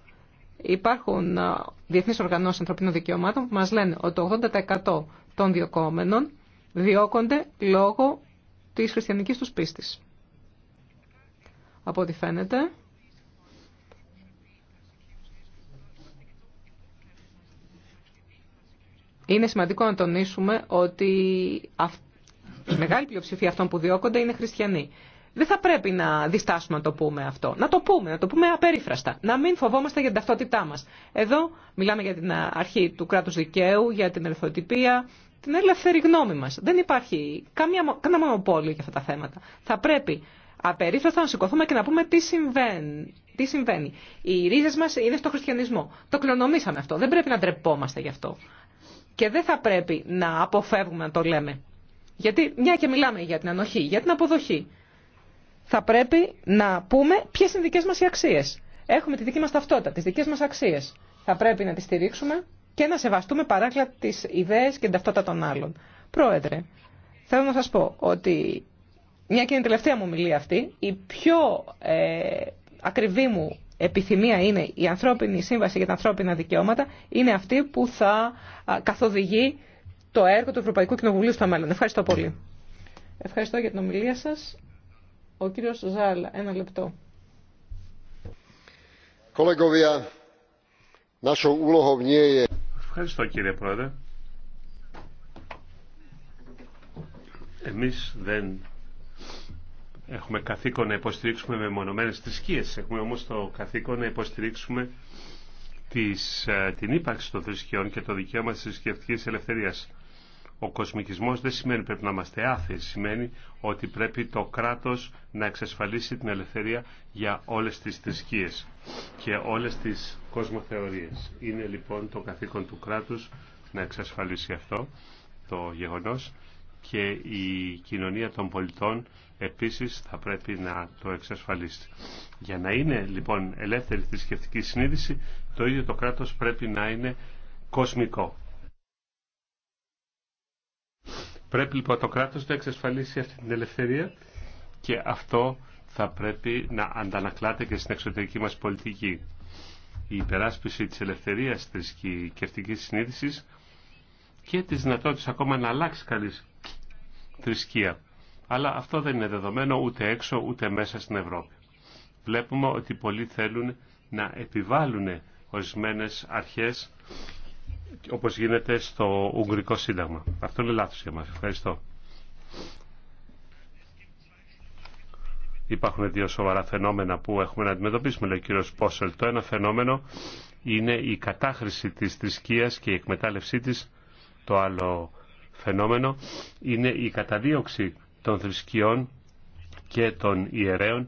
Υπάρχουν ε, διεθνείς οργανώσεις ανθρωπίνων δικαιωμάτων που μας λένε ότι το 80% των διωκόμενων διώκονται λόγω της χριστιανικής τους πίστης. Από ό,τι φαίνεται, Είναι σημαντικό να τονίσουμε ότι η μεγάλη πλειοψηφία αυτών που διώκονται είναι χριστιανοί. Δεν θα πρέπει να διστάσουμε να το πούμε αυτό. Να το πούμε, να το πούμε απερίφραστα. Να μην φοβόμαστε για την ταυτότητά μα. Εδώ μιλάμε για την αρχή του κράτου δικαίου, για την ελευθεροτυπία, την ελεύθερη γνώμη μα. Δεν υπάρχει καμία, κανένα μονοπόλιο για αυτά τα θέματα. Θα πρέπει απερίφραστα να σηκωθούμε και να πούμε τι συμβαίνει. Τι συμβαίνει. Οι ρίζε μα είναι στο χριστιανισμό. Το κληρονομήσαμε αυτό. Δεν πρέπει να ντρεπόμαστε γι' αυτό. Και δεν θα πρέπει να αποφεύγουμε να το λέμε. Γιατί μια και μιλάμε για την ανοχή, για την αποδοχή. Θα πρέπει να πούμε ποιε είναι δικέ μα οι αξίε. Έχουμε τη δική μα ταυτότητα, τι δικέ μα αξίε. Θα πρέπει να τι στηρίξουμε και να σεβαστούμε παράκλα τι ιδέε και την ταυτότητα των άλλων. Πρόεδρε, θέλω να σα πω ότι μια και είναι η τελευταία μου μιλή αυτή, η πιο ε, ακριβή μου επιθυμία είναι η ανθρώπινη σύμβαση για τα ανθρώπινα δικαιώματα, είναι αυτή που θα καθοδηγεί το έργο του Ευρωπαϊκού Κοινοβουλίου στο μέλλον. Ευχαριστώ πολύ. Ευχαριστώ για την ομιλία σας. Ο κύριος Ζάλα, ένα λεπτό. Ευχαριστώ κύριε Πρόεδρε. Εμείς δεν Έχουμε καθήκον να υποστηρίξουμε μεμονωμένες θρησκείες. Έχουμε όμως το καθήκον να υποστηρίξουμε της, ε, την ύπαρξη των θρησκειών και το δικαίωμα της θρησκευτικής ελευθερίας. Ο κοσμικισμός δεν σημαίνει πρέπει να είμαστε άθεοι, σημαίνει ότι πρέπει το κράτος να εξασφαλίσει την ελευθερία για όλες τις θρησκείες και όλες τις κοσμοθεωρίες. Είναι λοιπόν το καθήκον του κράτους να εξασφαλίσει αυτό το γεγονός και η κοινωνία των πολιτών επίσης θα πρέπει να το εξασφαλίσει. Για να είναι λοιπόν ελεύθερη θρησκευτική συνείδηση, το ίδιο το κράτος πρέπει να είναι κοσμικό. Πρέπει λοιπόν το κράτος να εξασφαλίσει αυτή την ελευθερία και αυτό θα πρέπει να αντανακλάται και στην εξωτερική μας πολιτική. Η υπεράσπιση της ελευθερίας θρησκευτικής συνείδησης και της δυνατότητας ακόμα να αλλάξει καλής θρησκεία αλλά αυτό δεν είναι δεδομένο ούτε έξω ούτε μέσα στην Ευρώπη. Βλέπουμε ότι πολλοί θέλουν να επιβάλλουν ορισμένε αρχές όπως γίνεται στο Ουγγρικό Σύνταγμα. Αυτό είναι λάθος για μας. Ευχαριστώ. Υπάρχουν δύο σοβαρά φαινόμενα που έχουμε να αντιμετωπίσουμε, λέει ο κύριο Πόσελ. Το ένα φαινόμενο είναι η κατάχρηση της θρησκείας και η εκμετάλλευσή της. Το άλλο φαινόμενο είναι η καταδίωξη των θρησκειών και των ιερέων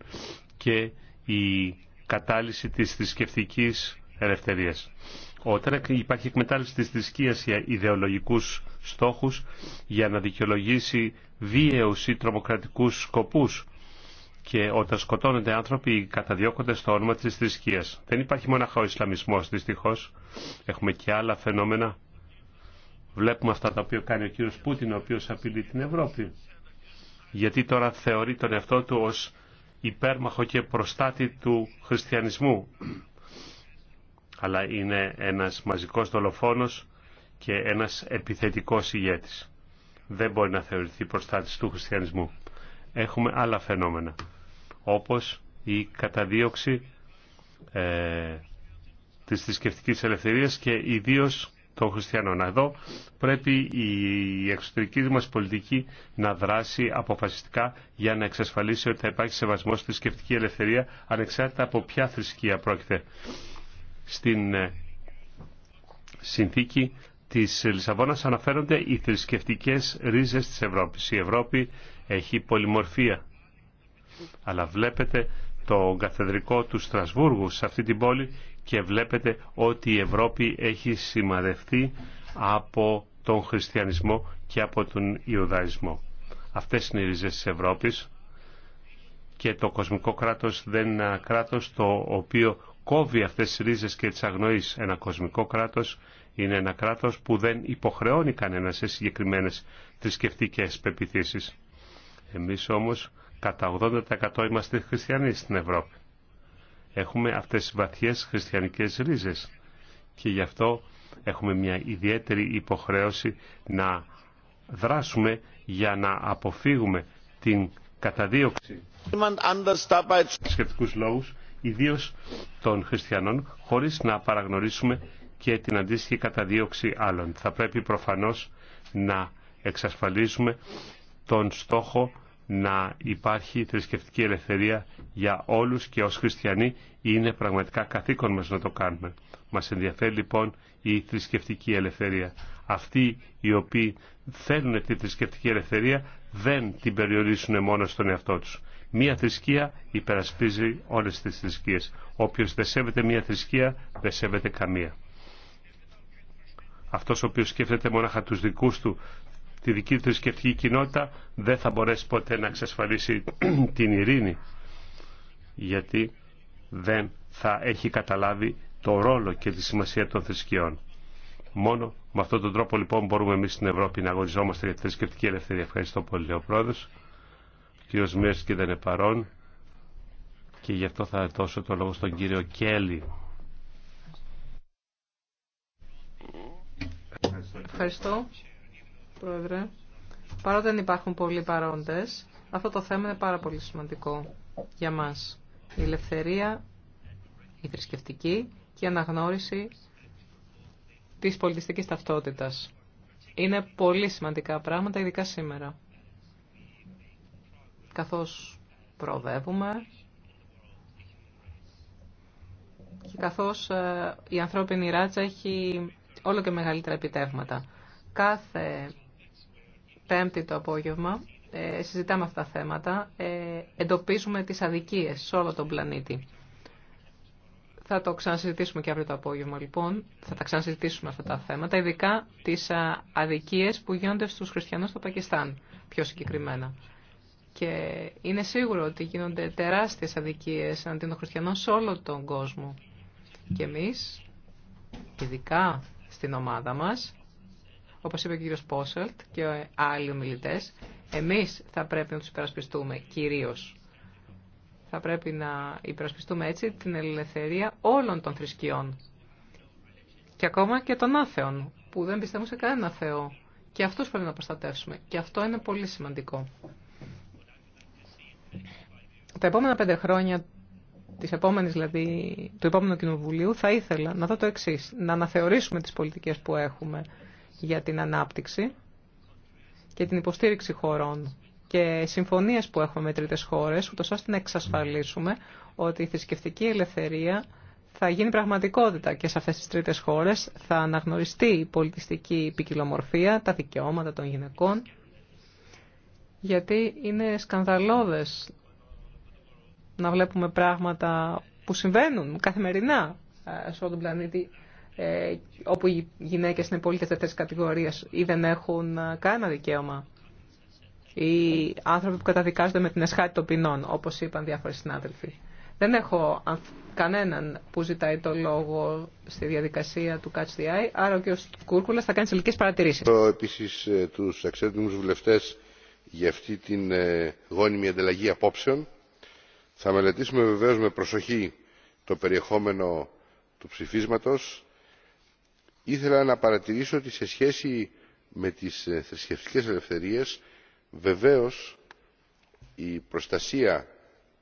και η κατάλυση της θρησκευτική ελευθερίας. Όταν υπάρχει εκμετάλλευση της θρησκείας για ιδεολογικούς στόχους για να δικαιολογήσει βίαιους ή τρομοκρατικούς σκοπούς και όταν σκοτώνονται άνθρωποι καταδιώκονται στο όνομα της θρησκείας. Δεν υπάρχει μόνο ο Ισλαμισμός δυστυχώς. Έχουμε και άλλα φαινόμενα. Βλέπουμε αυτά τα οποία κάνει ο κύριος Πούτιν ο οποίος απειλεί την Ευρώπη γιατί τώρα θεωρεί τον εαυτό του ως υπέρμαχο και προστάτη του χριστιανισμού. Αλλά είναι ένας μαζικός δολοφόνος και ένας επιθετικός ηγέτης. Δεν μπορεί να θεωρηθεί προστάτης του χριστιανισμού. Έχουμε άλλα φαινόμενα, όπως η καταδίωξη ε, της θρησκευτική ελευθερίας και ιδίως των χριστιανών. Εδώ πρέπει η εξωτερική μας πολιτική να δράσει αποφασιστικά για να εξασφαλίσει ότι θα υπάρχει σεβασμός στη θρησκευτική ελευθερία ανεξάρτητα από ποια θρησκεία πρόκειται. Στην ε, συνθήκη της Λισαβόνας αναφέρονται οι θρησκευτικές ρίζες της Ευρώπης. Η Ευρώπη έχει πολυμορφία. Αλλά βλέπετε το καθεδρικό του Στρασβούργου σε αυτή την πόλη και βλέπετε ότι η Ευρώπη έχει σημαδευτεί από τον χριστιανισμό και από τον Ιουδαϊσμό. Αυτές είναι οι ρίζες της Ευρώπης και το κοσμικό κράτος δεν είναι ένα κράτος το οποίο κόβει αυτές τις ρίζες και τις αγνοείς. Ένα κοσμικό κράτος είναι ένα κράτος που δεν υποχρεώνει κανένα σε συγκεκριμένες θρησκευτικέ πεπιθήσεις. Εμείς όμως κατά 80% είμαστε χριστιανοί στην Ευρώπη έχουμε αυτές τις βαθιές χριστιανικές ρίζες και γι' αυτό έχουμε μια ιδιαίτερη υποχρέωση να δράσουμε για να αποφύγουμε την καταδίωξη σχετικούς λόγους, ιδίως των χριστιανών, χωρίς να παραγνωρίσουμε και την αντίστοιχη καταδίωξη άλλων. Θα πρέπει προφανώς να εξασφαλίσουμε τον στόχο να υπάρχει θρησκευτική ελευθερία για όλους και ως χριστιανοί είναι πραγματικά καθήκον μας να το κάνουμε. Μας ενδιαφέρει λοιπόν η θρησκευτική ελευθερία. Αυτοί οι οποίοι θέλουν τη θρησκευτική ελευθερία δεν την περιορίσουν μόνο στον εαυτό τους. Μία θρησκεία υπερασπίζει όλες τις θρησκείες. Όποιος δεν σέβεται μία θρησκεία δεν σέβεται καμία. Αυτός ο οποίος σκέφτεται μόναχα τους δικούς του τη δική του θρησκευτική κοινότητα δεν θα μπορέσει ποτέ να εξασφαλίσει την ειρήνη γιατί δεν θα έχει καταλάβει το ρόλο και τη σημασία των θρησκειών. Μόνο με αυτόν τον τρόπο λοιπόν μπορούμε εμείς στην Ευρώπη να αγωνιζόμαστε για τη θρησκευτική ελευθερία. Ευχαριστώ πολύ ο Πρόεδρος. Ο κύριος Μέρσκι δεν είναι παρόν και γι' αυτό θα δώσω το λόγο στον κύριο Κέλλη. Ευχαριστώ. Πρόεδρε, παρότι δεν υπάρχουν πολλοί παρόντες, αυτό το θέμα είναι πάρα πολύ σημαντικό για μας. Η ελευθερία, η θρησκευτική και η αναγνώριση της πολιτιστικής ταυτότητας. Είναι πολύ σημαντικά πράγματα, ειδικά σήμερα. Καθώς προοδεύουμε και καθώς ε, η ανθρώπινη ράτσα έχει όλο και μεγαλύτερα επιτεύγματα. Κάθε πέμπτη το απόγευμα ε, συζητάμε αυτά τα θέματα, ε, εντοπίζουμε τις αδικίες σε όλο τον πλανήτη. Θα το ξανασυζητήσουμε και αύριο το απόγευμα λοιπόν, θα τα ξανασυζητήσουμε αυτά τα θέματα, ειδικά τις αδικίες που γίνονται στους χριστιανούς στο Πακιστάν πιο συγκεκριμένα. Και είναι σίγουρο ότι γίνονται τεράστιες αδικίες αντί των χριστιανών σε όλο τον κόσμο. Και εμείς, ειδικά στην ομάδα μας, όπως είπε ο κύριος Πόσελτ και άλλοι ομιλητέ, εμείς θα πρέπει να τους υπερασπιστούμε κυρίως. Θα πρέπει να υπερασπιστούμε έτσι την ελευθερία όλων των θρησκειών και ακόμα και των άθεων που δεν πιστεύουν σε κανένα Θεό. Και αυτούς πρέπει να προστατεύσουμε. Και αυτό είναι πολύ σημαντικό. Τα επόμενα πέντε χρόνια της επόμενης, δηλαδή, του επόμενου κοινοβουλίου θα ήθελα να δω το εξή να αναθεωρήσουμε τις πολιτικές που έχουμε για την ανάπτυξη και την υποστήριξη χωρών και συμφωνίες που έχουμε με τρίτες χώρες, ούτως ώστε να εξασφαλίσουμε ότι η θρησκευτική ελευθερία θα γίνει πραγματικότητα και σε αυτές τις τρίτες χώρες θα αναγνωριστεί η πολιτιστική ποικιλομορφία, τα δικαιώματα των γυναικών, γιατί είναι σκανδαλώδες να βλέπουμε πράγματα που συμβαίνουν καθημερινά ε, σε όλο πλανήτη ε, όπου οι γυναίκες είναι πολίτες δεύτερης κατηγορία ή δεν έχουν ε, κανένα δικαίωμα ή άνθρωποι που καταδικάζονται με την εσχάτη των ποινών, όπως είπαν διάφοροι συνάδελφοι. Δεν έχω κανέναν που ζητάει το λόγο στη διαδικασία του Catch the Eye, άρα ο κ. Κούρκουλα θα κάνει ελληνικέ παρατηρήσει. Ευχαριστώ επίσης ε, τους εξέτοιμου βουλευτέ για αυτή την γόνιμη ανταλλαγή απόψεων. Θα μελετήσουμε βεβαίω με προσοχή το περιεχόμενο του ψηφίσματος ήθελα να παρατηρήσω ότι σε σχέση με τις ε, θρησκευτικές ελευθερίες βεβαίως η προστασία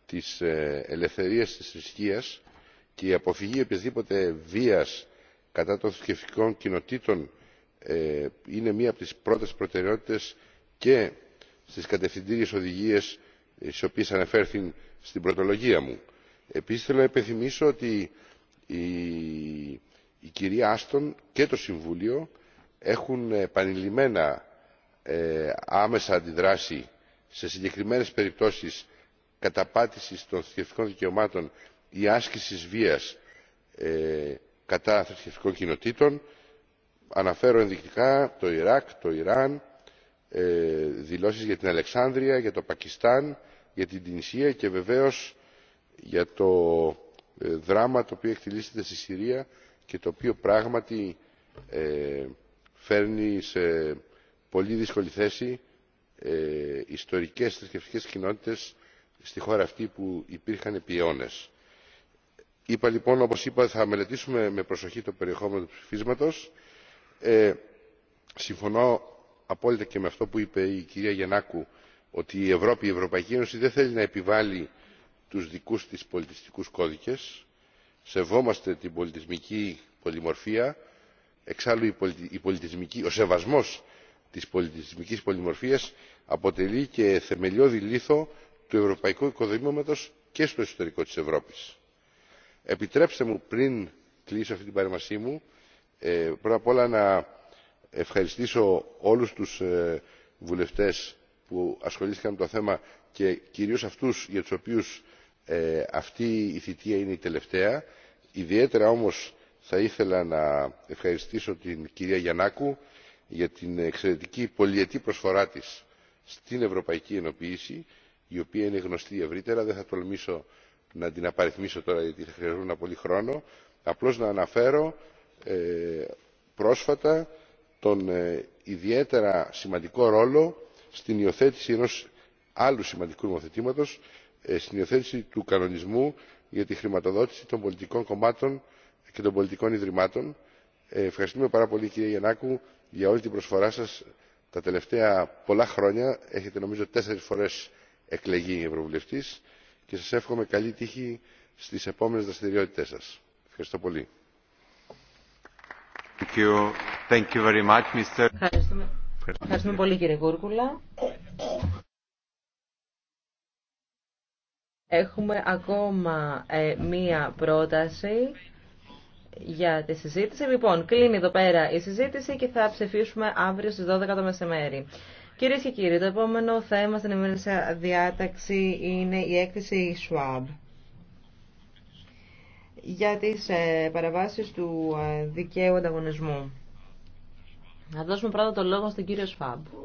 της ε, ελευθερίας της θρησκείας και η αποφυγή οποιασδήποτε βίας κατά των θρησκευτικών κοινοτήτων ε, είναι μία από τις πρώτες προτεραιότητες και στις κατευθυντήριες οδηγίες στις οποίες αναφέρθηκαν στην πρωτολογία μου. επίσης θέλω να ότι η η κυρία άστον και το συμβούλιο έχουν επανειλημμένα ε, άμεσα αντιδράσει σε συγκεκριμένες περιπτώσεις καταπάτησης των θρησκευτικών δικαιωμάτων ή άσκησης βίας ε, κατά θρησκευτικών κοινοτήτων αναφέρω ενδεικτικά το ιράκ το ιράν ε, δηλώσεις για την αλεξάνδρεια για το πακιστάν για την τινησία και βεβαίως για το δράμα το οποίο εκτελήσεται στη συρία και το οποίο πράγματι ε, φέρνει σε πολύ δύσκολη θέση ε, ιστορικές θρησκευτικές κοινότητες στη χώρα αυτή που υπήρχαν επί αιώνες. Είπα λοιπόν, όπως είπα, θα μελετήσουμε με προσοχή το περιεχόμενο του ψηφίσματος. Ε, συμφωνώ απόλυτα και με αυτό που είπε η κυρία Γιαννάκου ότι η Ευρώπη, η Ευρωπαϊκή Ένωση δεν θέλει να επιβάλλει τους δικούς της πολιτιστικούς κώδικες σεβόμαστε την πολιτισμική πολυμορφία εξάλλου ο σεβασμός της πολιτισμικής πολυμορφίας αποτελεί και θεμελιώδη λίθο του ευρωπαϊκού οικοδομήματος και στο εσωτερικό της ευρώπης. επιτρέψτε μου πριν κλείσω αυτή την παρέμβασή μου ε, πρώτα απ' όλα να ευχαριστήσω όλους τους ε, βουλευτές που ασχολήθηκαν με το θέμα και κυρίως αυτούς για τους οποίους ε, αυτή η θητεία είναι η τελευταία. ιδιαίτερα όμως θα ήθελα να ευχαριστήσω την κυρία γιαννάκου για την εξαιρετική πολυετή προσφορά της στην ευρωπαϊκή ενοποίηση η οποία είναι γνωστή ευρύτερα δεν θα τολμήσω να την απαριθμίσω τώρα γιατί θα χρειαζόμουν πολύ χρόνο απλώς να αναφέρω ε, πρόσφατα τον ε, ιδιαίτερα σημαντικό ρόλο στην υιοθέτηση ενός άλλου σημαντικού νομοθετήματος ε, στην υιοθέτηση του κανονισμού για τη χρηματοδότηση των πολιτικών κομμάτων και των πολιτικών ιδρυμάτων. Ε, ευχαριστούμε πάρα πολύ κύριε γιαννάκου για όλη την προσφορά σας. τα τελευταία πολλά χρόνια έχετε νομίζω τέσσερις φορές εκλεγεί ευρωβουλευτής και σας εύχομαι καλή τύχη στις επόμενες δραστηριότητές σας. Ευχαριστώ πολύ. κύριε Έχουμε ακόμα ε, μία πρόταση για τη συζήτηση. Λοιπόν, κλείνει εδώ πέρα η συζήτηση και θα ψηφίσουμε αύριο στις 12 το μεσημέρι. Κυρίε και κύριοι, το επόμενο θέμα στην ημέρα διάταξη είναι η έκθεση SWAB. για τις ε, παραβάσεις του ε, δικαίου ανταγωνισμού. Να δώσουμε πρώτα το λόγο στον κύριο Schwab.